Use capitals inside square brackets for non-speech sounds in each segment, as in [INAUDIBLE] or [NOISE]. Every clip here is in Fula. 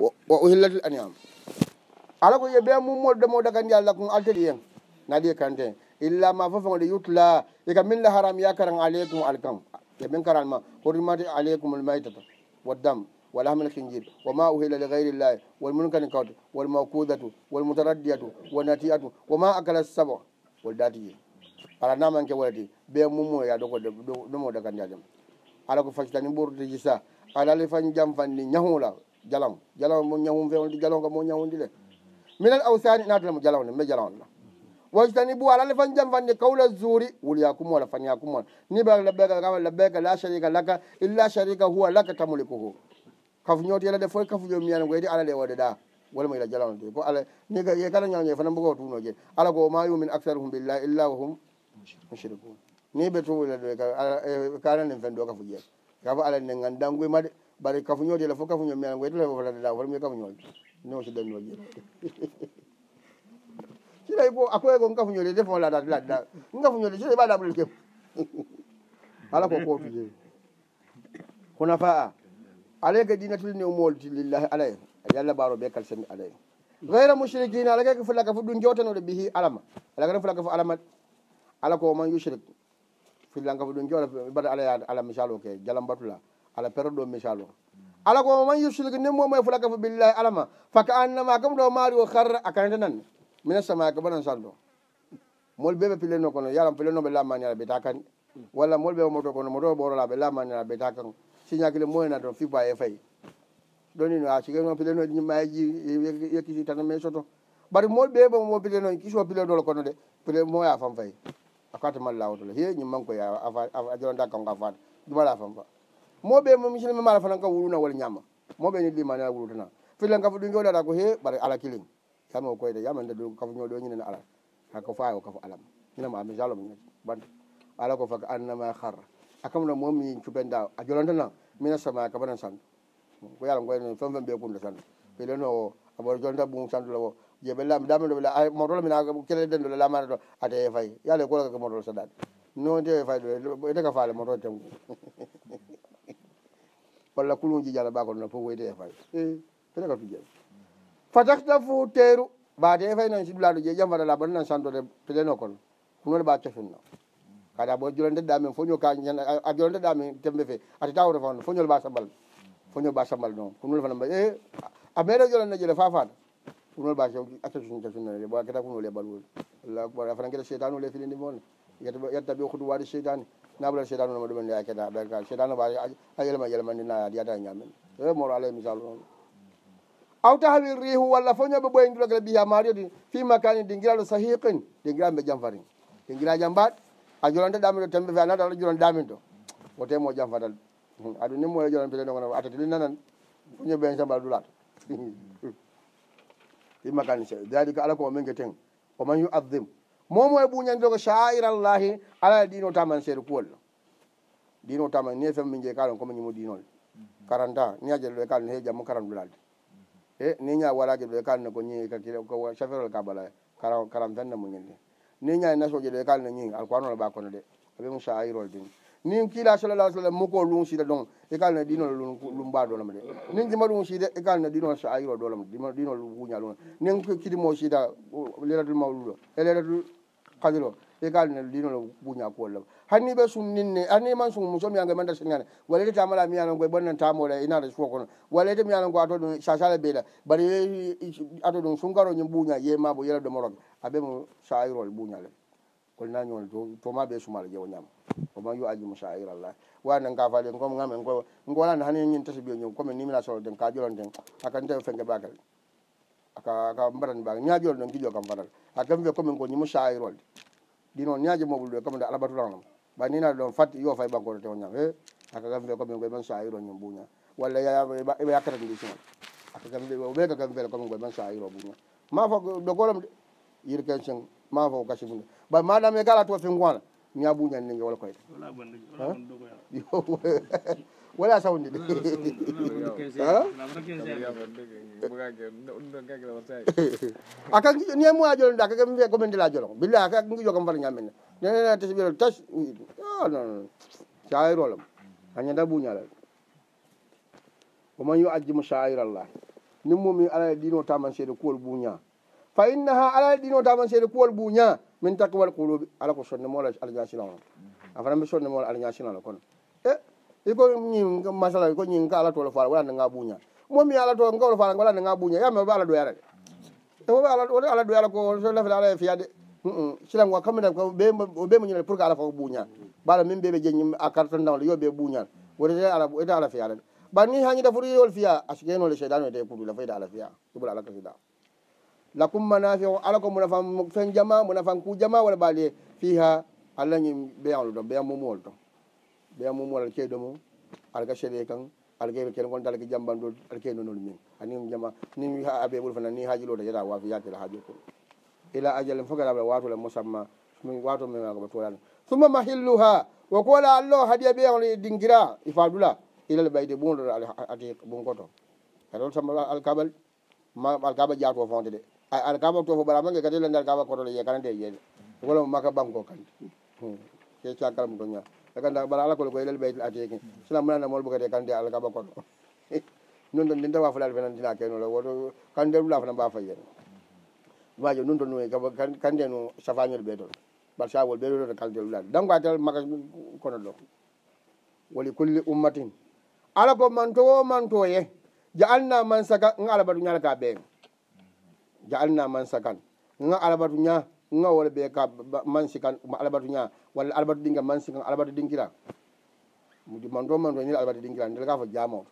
o o hillatil aniyam ala ko yeɓe mummol ɗemo dagandi allah kon altati hen naɗi e kante illa ma fofoɗe yutla e ka min la haram yakaran aleykum alkam yeɓen karanma horimati aleykum lmaytata waddam walahmal kinjir woma uhila li gayri illahi walmunkani kawte walmakudatu walmutaraddiyatu wanatiyatu woma akala saba wol dati ye ala namanke walati ɓe mummo yaɗoko ɗomo dagandi a ɗem ala ko faccitani ɓurti jisa alali fan jam fanni ñahula jalango jalango mo ñawum fewnde jalongo mo ñawonde le minen awsani natale mo jalawde mbe jalawde ma wasi tani bowal alla fan jam fande kawla zuri wuloya kumola fan ya kumola ni ɓe labeka kama labeka la sharika laka illa sharika huwa laka tamuli ko ho kafu ñotoyala de foof kafu jomi yana koyde alade wode ɗa walamo ila jalawde ko ala ni e kala ñawñe fana mbogo tuno je ala ko ma yumin acsare hum billah illa wa hum mushrikun ni ɓe tuwlade kanaden eh, fen do kafu jeeta kafu alade nde gandangoy made bare kafuñooje la e fof kafuño mi ana goytale fofaɗaɗa fota mi kafuñooje no so dañnooje [LAUGHS] siɗay bo a koye kon kafuñoode de fon laɗa laɗɗa n kafuñoode siɗay mbaɗa ɓolel kem [LAUGHS] ala ko kootude hona fa a ala ka dina tuli ne mooltu lillahi alaye yalla baaro ɓe kal sami alaye gayra mushrikina ala kake fulaka fo ɗum jewtanoɗo bihi alama ala kata fulaka fo alama ala ko oman yushrik fillanka fo ɗum jewta mbaɗa ala ala misalo ke jalambatula ala perdo ɗo misal o ala ko man yusulgue nem momo e fulaka fo billahi alama faka annama kam ɗo maari o har a kanete nan mina sama ka banan sal ɗo mol beɓe pilleno kono yalam pillenoɓe lamani ala ɓeta kan walla mol ɓeɓe moto kono moto ɓorolaɓe lamani ala ɓeta kan siñakile moyena e ɗon fipa e fayi ɗonino a sigano pilleno ñimmaji yekkisi tan me soto bat mol ɓeɓe mo pilleno kiso pillenol kono de pille moya fam fayi a kata mal lawotola hee ñimmankoye a jolanta kanko a fata jumala fam fa mo ɓe misilmi mala fana ka wuruna wala ñama mo ɓe ni limanea wurutana fillan kafa ɗum jooɗaɗa ko he bara ala kilin yami o koyde yamande ɗu kafa ñoɗo ñinen ala hako fayo kafa alama inama ami jalom bande ala ko faka annama har akamno momi cupenda a jolantana mina sama kabanan sand ko yala goyne fen fen ɓe kunda sand filano o aboto jolanta ɓum sandula o jeɓe lami damedo ɓela motola mina kelele den ɗole lamane ɗo ate e fay yala e kolakaka motola saɗade non te e fayɗo etaka faale motoe tengu [LAUGHS] walla kuluji jaraɓako ɗona fof woyde efay e pete eh, ka tujjam fatahtafu teru mbaade efay nan sidulaɗo jee jam waɗala bonna santode peɗeno kono hunode ɓa cofinno kada bo jolondeɗa min foño ka a jolondeɗa min tembe fe ata tawre fono foñol ɓa sambal foñol ɓa sambal noon hunode fana mba e a meɗo jolonde jele fafaɗa hunode ɓa acatacofinnode ɓa keta kunole ɓalwol allahkubar a fana geɗa setanule filindi moone yettaɓe hutu waɗi setani nabla shedano mo dum ya keda be ka shedano ba ayel ma yel ni na ya da nyamen e mo ala misal non aw tahwi rihu walla fo ñoɓe ɓoyen gilogele mbiya di fi makani dingiraɗo sahiqin dingiraɓe jamfari dingira jam mbaɗ a jolante ɗamin do tembe fa na nata aɗa jolan ɗamin to wote mo jam fatal hmm, aɗum ni moye jolan pele ɗogono atati di nanan fo ñoɓe en sambal ɗulata [LAUGHS] fi makani dalika ala ko o min ke o man momo e ɓuñanjogo sairallahi alaa e ɗino taman seeɗa kuwol ɗo ɗino taman ni e femmi jeyi kalon komi ñimo ɗinol quarante mhm. ans niaje ɗo e kalno he jammo quarante ɗolalde e ni ña waraje ɗo e kalno ko ñii chauffeur ol ka bala quarante fenne muñinde ni ñaye nasoje ɗo e kalno ñii alkuanola ɓakono ɗe aɓemu sairol din nin kiila salalah sallam muko lum sida don e kalno ɗinol lumba dolam de nin jima ɗum sida e kalno ɗinol sa airo dolam ɗinol wuña lum nin kidimo sida leratul mawludo e leratul kañiro e gaali ne linolo buña kuwolla hanni ɓe sumninne hanni man sum muso miyange manda sinane walede tamala miyanongo e ɓonnen tamore inare fo kono walede miyanongo ato ɗum sasale beyɗa bari ato ɗum sumgaroñi buña yemabo yela domoroɓe aɓe mo sairol buñale kolnañone toma ɓe sumala jewo ñama oma yo ajimo sairallah wayne gafaɗe comme amen ko ngo walande hani ñin tasabiñi comme nimina soloden ka jolonten hakkadi tawi fenke ɓakel aka mbaɗani mbaga ñaaƴole noon giƴo kam fadal ha kam wiye commune ko ñimo sayrolde ɗi noon ñaaƴe mobul ɗo e commune alabatulanom ɓa ninaɗe ɗon fatte yo fay ɓankoto tewo ñam he aka kam wiye commune koye ban sayro ñum buña walla yaɓa yakkata ndisimal aka kam wie o ɓeyka kam wiele commune koye ban sayro buña ma fo ɗo golom de yir ken seng ma fo gasi mum de ba madame e gala to fingoana ña buñani ndege wala koyde [LAUGHS] yo [LAUGHS] wala sawnde de a kak gijo ni mois jolo nda kakam wiya commande la jolong billa kak gijo kam fal ñamen nenena tes ɓelo tas non sahir olam añanda buñala oman yo ajjimo sahir allah nin mumi alaye ɗino taman seede kuwol buña fa inna ha alaye ɗino taman seede kuwol buña min takkiwal kuluɓe ala ko sonne moola aliña sinano a fana mbi sonne moola aliña sinano kono e eh? iko ñin masala ko ñin ka alatoolo faala wala nanga buña momi alato ngawlo faala wala nanga buña yamme ba ala doyara de fof alaoto ala doyara ko so lafata e e ala e fiya de silango kamene o ɓe mo ñinade pour que ala fa ko buñal bala min ɓeɓe jeñ a carte ndawle yo ɓe buñal wote ala ala fiyala de ba ni hañida fot yol fiya aske no le cheydan ete e kudu la fo ita ala fiya ɗubola ala kasida lakum manafi o ala ko munafan fen jama munafan ku jama wala baalie fiha allah ñin ɓeyaolo to ɓeya momuwol to ɓe yamum wona ke ɗomo alga seeɗe kan alga ɓe kene gonda alga jambanɗo aɗa ke nonol min ani jama ni wi ha aɓe ɓuuri fana ni haaji ɗo dañata waafi yaltira haaji ko ila ajal fo gara ɓa watole mosamma wato mimakoɓa tolano summa mahilluha woko wala allo haaɗiya ɓe on e dingira ifadula e ilal ɓayde ɓunɗoɗo ati ɓunkoto kaɗon samma alkaɓal ma alkaɓa jaato fonde de alkaɓa to fo ɓara mange kadi lande alkaɓa kotoɗo yeekana de yeeɗe e wolamo maka banko kandi hmm. ke cagalmu toña kanda ɓara alakol ko elel ɓeyten atieke sona munana mol ɓokete kande alkaɓa kono [LAUGHS] non ton ndenta wafulal fe nan dina kenola woto kande lulafana mba fayen majo non ton noy e kande no safañol ɓe ton bar sawol ɓe ɗoto kalde lulal dangoa tel maka kono ɗo woli kulli ummatin ala ko mantowo mantoye ja alna man sagan n alabatu ñalaka ɓeen ja alna man sagan n alabatu ñaa wala be ka man mansi kan albatu ña walla albatu man mansi kan albatu mu di man do man do ni albatu dingira ndel ka fa jamo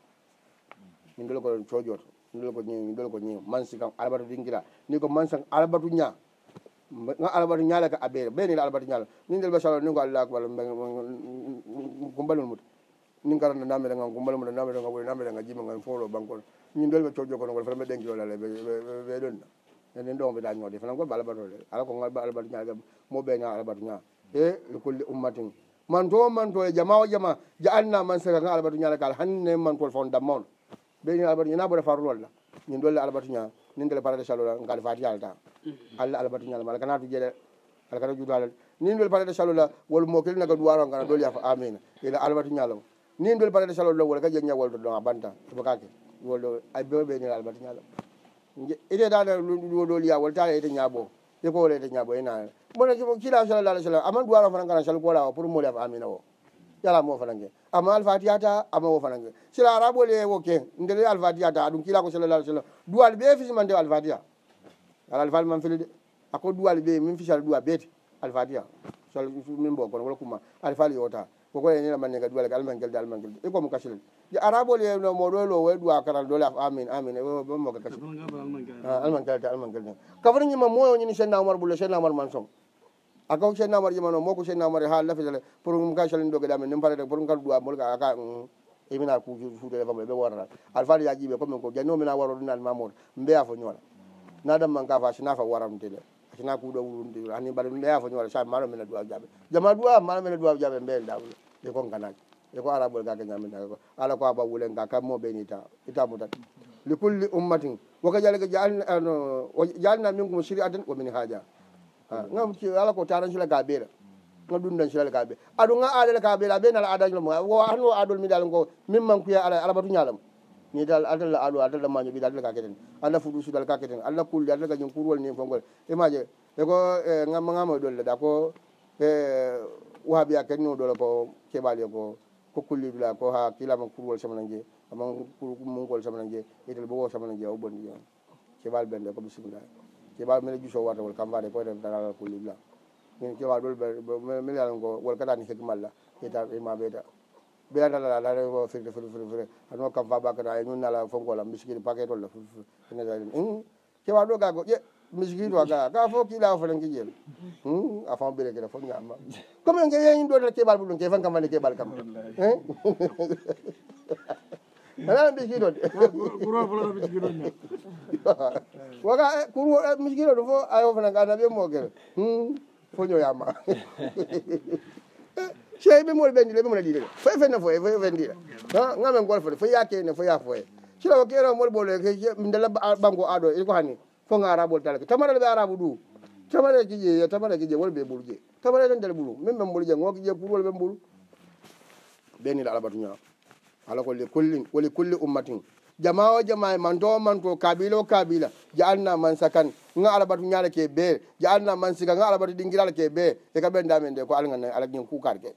ni dol ko cojoto kira ndel ko ni min ko ni man mansi kan albatu dingira ni ko mansi kan albatu nya nga albatu la ka abeere be ni albatu nya ni ndel basalo ni ko allah akbar kumbalol ni nin na namere nga kumbalol muta namere nga wuri namere nga jima nga folo bankol ñin dol ɓe cojo kono gol fata ɓe be ɓe ɗonna enen ɗoo mbaɗa ñoode fana ngo balabatode ala ko ngaɓa alabatu ñaa mo ɓeña alabatu ñaa e, e kolli ummatin man to man to e jama o e jama ja anna man sega ga alabatu ñaale kala hannne man tol fon dammaon ɓeñi alabatu ñaa naɓore farulolla min dolle alabatu ñaa nin dele parade chalola ngaade fati yalata allah alabatu ñaalema ala kanatu jeɗe ala kana juutaala nin dole e parade chalola wol mokil naga duwaro ngana dol yafa amina ila alabatu ñaalo nin dole parade chalol lo wol ka jeg ñawolto ɗo a banta tobakake wolɗo ay beɓe ɓeñira alabatu ñaalo ite dana ɗuwoɗoliya wol tala ite ñaabo eko wol ite ñaabo ena bono kila sala lala sala aman duwara fana ngana sal kola o pour mo lef amina o yala mo fana nge ama alfatiya ta ama wo fana nge sila arabo le wo ke nde le alfatiya ta adum kila ko sala lala sala duwal be fisi man de alfatiya ala alfal man filide ako duwal be min fisal duwa beti alfatiya sal min bo kono wala kuma alfal yota ko ko ene man nge duwal ka alman gel dal man gel e ko mo kasil ya arabo le no mo lo we dua kara do la amin amin e bo mo ka ah, alman ka alman ka alman ka ka ni ma mo yo ni sen mar bulle sen mar manso aka ko sen mar jamano mo ko sen mar e ha la fi dale pour mo ka sen do ga dame nem pare de pour ka dua mo ka ka mm, e mina ku ju fu de ba be e warra al fal ya jibe ko men ko jano mina waro dinal mamour mbe afo nyola na dam man ka fa sina fa waram de sina ku do wuro ndi ani bare mbe afo nyola sa maro mina dua jabe jamal dua maro mina dua jabe mbe dawlo be ko ganaji eko arabol gake ñamintako ala ko aba wulen ga kam moɓeni ta itamutat li culli ummatin woko jalige jalino jalina min kom siri aten womin haaja gam ala ko taransula ga ɓeera ga ɗum dan sulal ga ɓee aɗu ga adel ka ɓeera ɓe nala adañlamo o hano adol mi dal ngo min manqueya ala alabatu ñalam ni dal adala alu adala maño ɓiɗa adala ka keten alla fuɗu sudal ka keten alla kulli adala gañin kurwol ni fongol e maje eko e, gammagamo ɗolle e da ko e wahabiya kenno ɗole ko keɓali ko ko kullibla ko ha kilama kurwol samanange ama mungol samanange etel bowo samanange o bonndi on cebal ɓende ko bisimila cebal mbiɗa juso wardagol kam waade koyɗe daralal kullibla min cebal ɗol mbiɗalan ko wol katani hegmalla eta ima ɓeeta ɓeyadalalaao firde fr fr fre hanoo kam fa ɓakata e ñunnala fonkola mbiskiɗi paquet tolla fr fr ne ɗen cebal hm? ɗo gaa go ƴe misguiɗo a ga ga fof kiila fole kiƴel hmm, a fam ɓire kene fof ñamma comme en gueɗe yañi ɗoɗe keɓal ɓuɗum ke fan kam wande keɓal kam ana [LAUGHS] misguiɗo de waga pour misguiɗo ɗum fo ayofanaga ana ɓemmo kene fo ñoyamma seyi ɓe moɗe ɓendi ɗe ɓemona ɗiɗe fo fenne foye fo e fendiɗa gamen golfode fo yakene fo yafoye silawo keno moɗe ɓolo min dala ɓango aɗo eko hanni fon arabol talake tamaɗele ɓe arabu ɗu tamaɗe kiƴe ye tamaɗe kiƴe wol ɓe ɓuruƴe tamaɗe tan nder ɓuru min ɓe ɓuruƴe ngo kiƴe kuurwol ɓe ɓuru ɓenira alabatuña ala ko li kullin woli culli ummatin jama o jama e manto o manto kabila o kabila ja anna man sakan ga alabatu ñaale ke be ja anna man sika ga alabatu ɗingiraala ke be e ka ɓen damen de ko alagana alaƴe kukar ke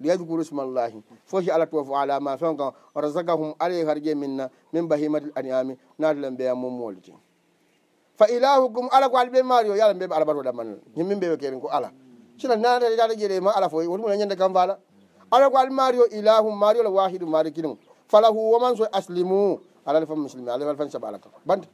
liyadkuru smallahi foti ala tofo ala ma fen kan razakahum alay harje minna min bahimatil aniami natalen ɓeya mum molitin fa ilahukum ala ko haali ɓe maari o yala mbeɓe ala mbatoɗa manna yimmin mbeɓe keeɗe ko ala sina nanatae taɗa jeeɗe ma ala foy wotumuna ñande kam faala ala ko haali maari o ilahum maari ola wahidu maari kino falahu woman so aslimu alaali fa muslimi alaali fan saaɓa ala kam bante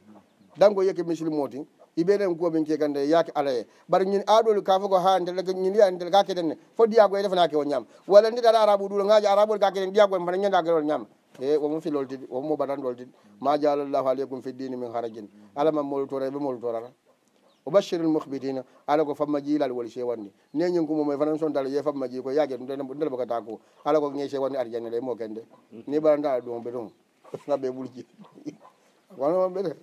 danko yeke muslim oti iɓeɗen kuoɓin kekande yaake alaye bara ñin aɗoli ka fo ko ha ndel ñinia ndel ka keɗenne fo ɗiyagoye defanake o ñama walla ndeɗaɗa arabu ɗuɗo gaji arabuol ka keɗen ɗiyagoye fana ñandagueɗol e ñama e eh, womo filoltiɗi womo ɓaɗanɗoltiɗi ma jalallahu aleykum fiddini min harajin alamam molotoray ɓe molotorata o bashirul mukhbitina ala ko famma jiilal woli sewanni neñinkumomo e fanan sontala ye famma ji ko yaajetndele bo katako ala ko ge sewanni arjanele mo kende ni ɓaɗantaɗa ɗum ɓe ɗum gaɓɓe ɓulji wonoɓeɗe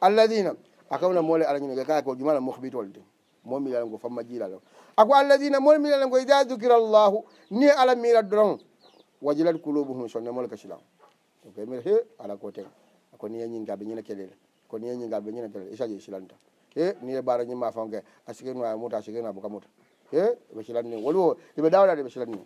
alladina a kawna mole arañinoke kaa ko jumala mukhbitolde momiyalango famma jiilal o ako alladina momiyalango ida dukira llahu ni ala mirat doron wajilat kulubuhum sonnemol kasilam okmir he ala ko teng akoni ye ñinga ɓe ñina keɗele koni ye ñinga ɓe ñina keɗele isaji e silanta he niye ɓara ñimma fanke a sikirno a muta a sikirno a boka muta he ɓe silanni wolu o iɓe dawɗade ɓe silanni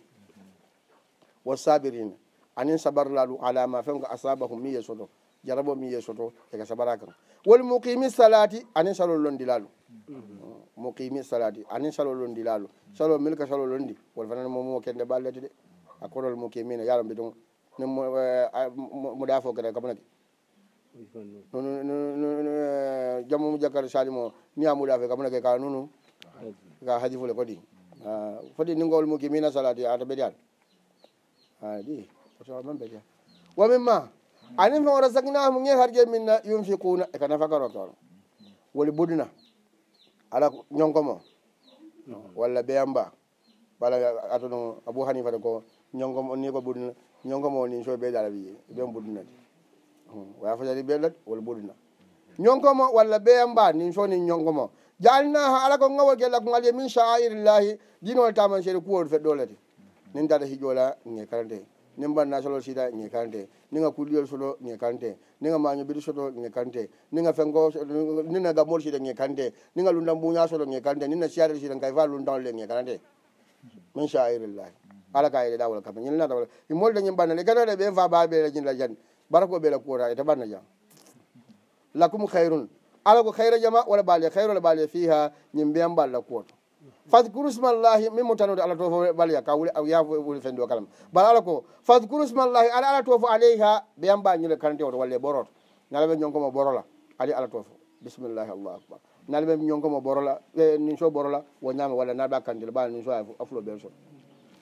wo sabirin anin sabarlalu ala ma fenko asabahu mi ye soto jarabo mi ye soto eka sabara kan wol muqimi salati anin salo londilalu muqimi salati anin salo londilalu salo milka salo londi wol fanan momo kende ɓallete de a korol mu ke min yaalo mbi ɗum ne mo ɗa fo gere gabanake jamma mu jakkata salimo niya muɗa fe gabanake ka nunu ka haji fule kodi fodi ningol mu ke mina salati ata ɓeɗiyat aɗi man ɓeɗiya wamin ma anin fe oto sakinamu ge harje minna yum fi kuna e kana fakaro toon woli buduna ala ñonkomo mm-hmm. walla ɓeyam ba wala ata ɗum abou hanifa ta ko ñongom on ni ko ɓurdina ñongom o ni so ɓeydala wiye ɓen ɓurdinati waya fotati ɓeydat wala ɓurdina ñongomo walla ɓeyam mba nin so nin ñongomo jaalina ha ala ko ŋawol gella ko ngalye min saairillahi jinol taman seede kuwol feɗɗolete nin dada hijola ŋe karante nin mbanna solol sida ŋe karante ninga kulliyol soto ŋe karante ninga maño biri soto ŋe karante ninga fengo nina gamol sida ŋe karante ninga lundan buña soto ŋe karante nina siyadel sida kay fa lundanole ŋe karante min saairillahi ala ka yeɗe ɗawol kam ñinnata wala i moldañin ɓanna ɗe gadaɗe ɓe fa baɓeɗe jinla jan bara koɓe la kuota ete ɓanna jan lakum hayrun ala ko hayre jama wala baalie hayre wala baalie fi ha ñim mbiyan ɓalla kuoto fadcouru smallahi min mo tanude ala to fo ɓalya ka wuli yawuli fenndi o kalam bala ala ko fadcouru smallahi ala ala to fo aley ha ɓiyan mba ñile karante oto walle ɓoroto nalaɓe ñonkomo ɓorola ali ala to fo bisimillahi allahu acbar nalaɓe ñonkomo ɓorola ni so ɓorola wo ñama walla naɓe a kantile ɓaa ni so a fulo ɓen soo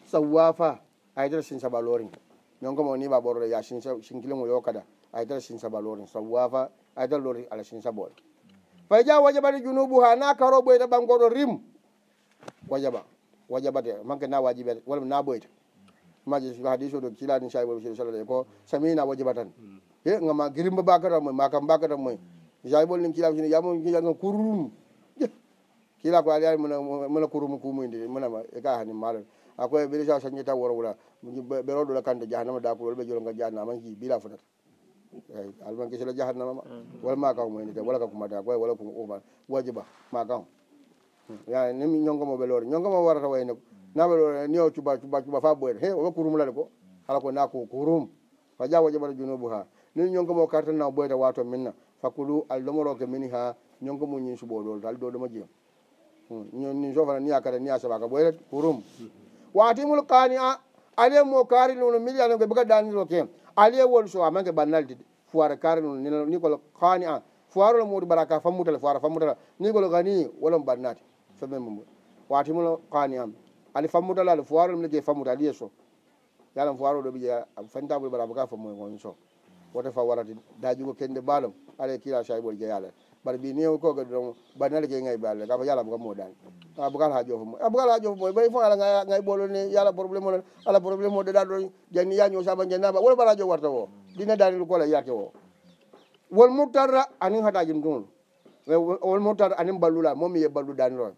sawwafa aydara sin sabalorin nonko mo ni ba borre ya sin sin kilen wo yokada aydara sin sabalorin sawwafa aydara lori ala sin sabol fa ja wajabati junubu ha na karo boy da bangoro rim wajaba wajabati manke na wajibe wala na boy ta maji su hadisu do kila din shaibu sallallahu alaihi wasallam ko samina wajabatan he ngama girimba bakara mo makam bakara mo jaybol nim kila sin yamu kila ngam kurum kila ko ali mo mo kurum kumu indi mo na e ka hanim malo ako ɓe déjà sañeta wora wura ɓe ro ɗola kamde jahanama dakuloɗo ɓe jolonga jahanama hi bila fotata eyyi alman kesela jahannamama mm. wala makan moynete wala ka kumata koye wala kom uman wajiba makan mm. ya ni ñongo moɓe loore ñongo mo warata wayne naɓe loore ni o cuba cuba cuba fa ɓoyta he oɓe kurumlade ko hala ko nako ko rum fa ja wajiba ta junubu ha ni ñongo mo kartanna ɓoyta wato minna fakkudu aldomoroke min ha ñongo mo ñin suɓo ɗolta al dowɗoma jeyam mm. ni sofana niya kata niya saɓaka ɓoyta ko rum watimul kaani a ale mo kaari nono milliyanoke baka daniro ke ale wol so amanke bannalde foire kaari nono ni kolo kaani a foire lo mudu baraka famutala foire famutala ni kolo gani wolon bannati femme mum watimul kaani am ali famutala ali foire lo mleke famuta aliye so yala foire do biya fantabul baraka famu ngon so wota fa warati dajugo kende balom ale kila shay bol jeyala bara bi new koga don ba nal ke ngay balle ka yalla ko modan a bugal ha jofu mo a bugal ha jofu mo bay fo ala ngay ngay bolo ne yalla problème mo ala problème mo de dal do jani ya nyosa ba jani ba wala bala jo warta wo dina dal ko la yake wo wol mutara anin hada jim dun wol mutara anin ballula mom ye ballu dan ron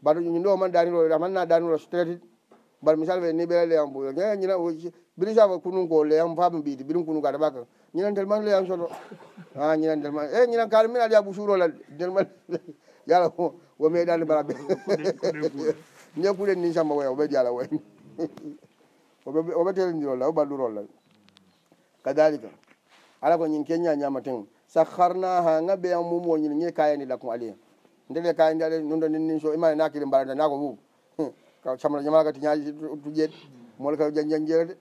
ba do ni do man dan ron man na dan ron straight bar misal fe ni ɓera leyam ñina biri safa kunun ko leyam fam ɓiiti birin kunu gata ɓaka ñina ndelman leyam soto a ñina ndelman e eh, ñina kaari min aɗa yaa ɓusurola ndelman [LAUGHS] yala wo meɗani baraɓe nde [LAUGHS] kuɗen ni samba woya oɓe jala way [LAUGHS] oɓe telendirolla o ɓallurolla kadalika ala ko ñin keña ñama ten sakharna ha nga ɓeyam mumo ñin ñi kayani lakko aliya ndele kayani aɗa nondo nin ni so imani nakiri mbaranta nako fuf kaw samra ñamaga ti ñaaji tuƴeede mole kaw jañjeede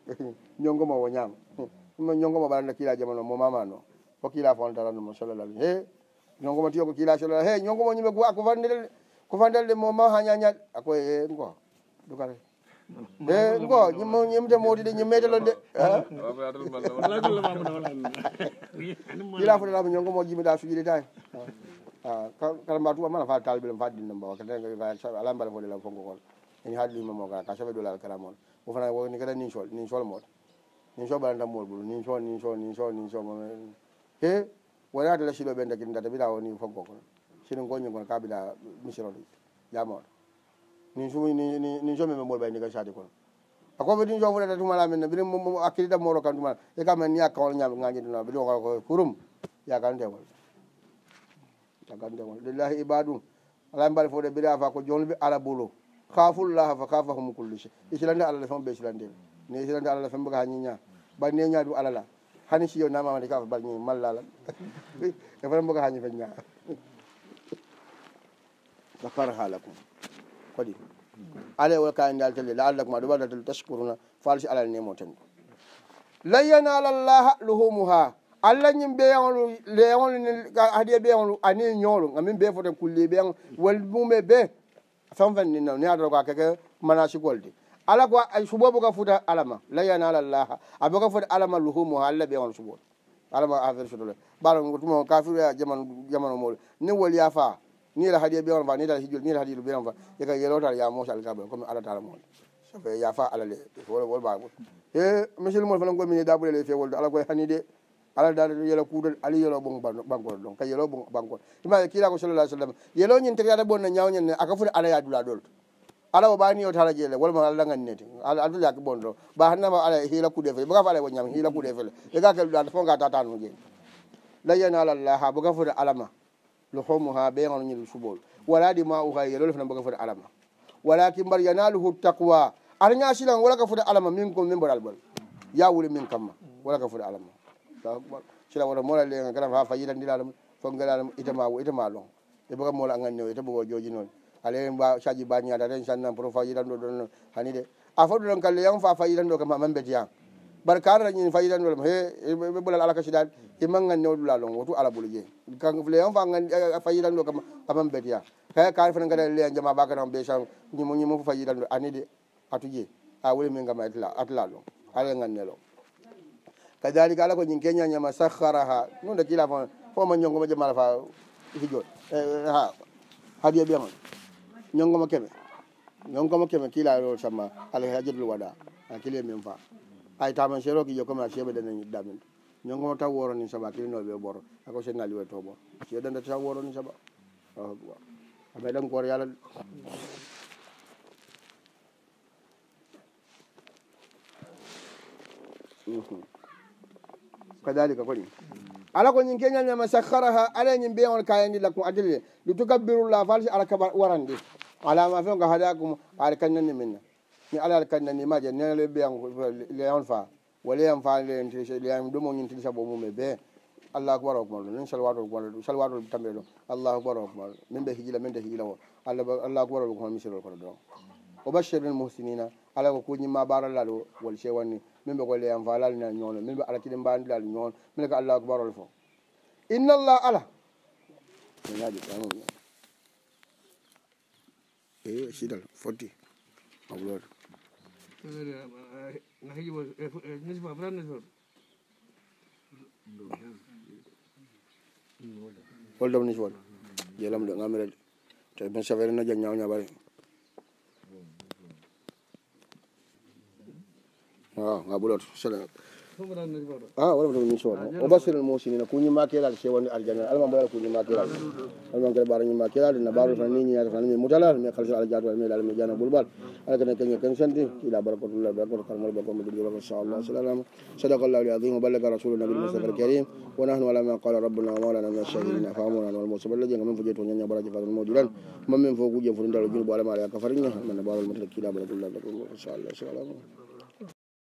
ñongomo [LAUGHS] o ñaama ɗum noon ñongomo ɓaɗanno kiila jamano mo mama noo fo kiila fon darannu mo sallah alih he ñongomo tiyo ko kiila sallah he ñongomo ñume go a ko fandelede ko fandelde mo ma ha ñañaade a koy e eh, eh, ngo dugare e ngo ñimo ñimde moodi de ñimmeetelon de [LAUGHS] [LAUGHS] kiila fo daramo ñongomo jimiɗa sujiɗita he kala mbatuwa mana fa talibilem fa dinno mbawa kadeala mbaɗa fo ɗelam fo ngokol ini haalilima e mo ga ka sobe dulal karamol o fana woni kada nin shol nin shol mot nin shol balanta mol bulu nin shol nin shol nin shol nin shol mo he wala da la shido benda kin data bila woni fogo ko sinin gonyi gon ka bila misiro di jamo nin shumi nin nin shol me mol bayni ga shadi ko ako be din jowu da tuma la men bi mo akiri da moro kan tuma e ka men ya ka wal nyam ngaji dina bi ko kurum ya kan e de wal ya kan de wal lillahi ibadu ala mbal fo de bi da fa ko jonbi ala bulu kafullaha fa kafahum kullu che i silande alala fen ɓe silandel ne silande alala fen mbaga ha ñiña bar ne ñaadu alala hani siyo namamade kafa bar ñi mallala [LAUGHS] e fana mbaga ha ñi fe ña gafara halakum kodi ale wo kaye ndal telle laallakum aɗo waɗa tel tashkuruna falsi alal nemo ten lay yanalallaha luhumuha allah ñim ɓeyolu leyolu hadiye ɓeyolu ani ñoolu amin ɓe foten kulli ɓeyo wal mume ɓe sanfenni no ni adoro ko akeke mana sigolde ala ko subo boka fuuta alama layana ala llah a boka fuuta alama luhumu ha alla ɓe on subo alama affaire sotole ɓaro tuma kafir a jaman jamano mole ni woli ya fa ni la hadiya ɓe on fa ni tal hijjol ni la hadiyo ɓe on fa yeka yelotal ya mosa alkaɓe comme alatala mole ya fa alale fewol wol ba e monsieur le mol fana gomini dabulele fewolde ala koy hani de ala dane ɗo yelo kuuɗon ala yelo ɓon ɓangol ɗon kay yelo ɓon ɓangol ima kiilako sallalah sallam yelo ñin tariyata ɓonne ñawñen ne aka foti ala yaadula ɗol ala o ɓani o tara jeele walma ala ganneti aduliyake bon ɗo ba hannama ala hiila kuuɗe fele bogafo ala e wo ñam hiila kuuɗe fele e ga kelɗu ade fof ga tatanu jeen layyana alallah ha boga foti alama lohomu ha ɓeyano ñil suɓol walaɗi ma uha yelole fana boga foti alama walakin mbar yanaluhu taqwa ata ñasilan walaka foti alama min ko min mbaɗal ɓal yawuli min kamma walaka foti alama dakumar cila wona moola lega garam ha fayita ndiraɗum fof gaɗaɗum itama o itama long e boga moola ganni o ita bogo joji noon alay ba caji bañata ten sannan pro fayitanɗo ɗon noon hani de a foɗɗu ɗon kalle yan fa fayitanɗo kam mambetiyan bar kaara ñin fayitanɗo ɗum he ɓolal alakasiɗan ima ganni o ɗula long wotu ala ɓolo jeyi kale yan fa eh, fayitanɗo kam amambetiya hay kaari fana gaɗa leyan jama ɓa kanam ɓesan ñimo ñimo fo fayitanɗo ani de atu jeyi a wuli min gam atla atla long alay ganne long kadalika ala ko ñing keñañama sahara ha nunde kila fo fo ma ñongoma jamala fa hijo e, e, ha hadiya e biyama ñongoma keme ñongoma keme kila lol samma ala hajjatul wada a kile men fa ay tama sero ki jokoma sebe dana ñi damin ñongoma taw woro ni saba kile no be bor ako sen ngali we to bor ye dana ta woro ni saba ah wa abe dan ko yalla mm-hmm kadalika fari ala ko ñin keñalnama sakharaha ala ñin be on kayandi lakum adille li tukabirullah falsi ala kaba warandi alama fe ko hadakum ar kannani minna mi ala ar kannani maje nele be on le on fa wala yam fa le ntri le yam do mo ñin tin sabo mum be allah akbar wa akbar ni salawat wa akbar salawat wa tambe do allah akbar wa akbar min be hijila min de hijila wo allah allah akbar wa akbar mi sirol ko do o bashir al muhsinina ala ko ñin ma baral la do wal shewani min ɓe golle yam valalna ñoono min ɓe ala kiɗe mbandilal ñoon min ko allahu kubarol fo innallah ala e sidal foddi mabloɗo holdom ni sowaɗ jeelamɗo gamirede to min saferena jag ñaw ñabare a ɓolot saɗaawaɗa mission ah, no. o basirel mosinina kuñima keelade sewonde aljana alama mbaɗata kuñima keelade alama gueɗe ɓaroñima keelade na mbaro tan niñiñata tan mi mutalata mi xalis ala jatu mi ɗaɗa mi diana ɓulɓal ala kene keñe ken santi kiɗa barakatulla barakatu karmal bakoma gidjo baka inchallah salalama sadakallahu ladim o ballega rasulu nabi mustafar karim wona hno wala ma qala rabbuna malana min shahidin afamunan wal mosi baɗa jenga min fo jeto ñaña baraji fatan mojuran mamin fo ku jen fotindalo junubo alama ala yakka fariña alamana barol matata kiɗa barakatulla barakatu inchallah salalama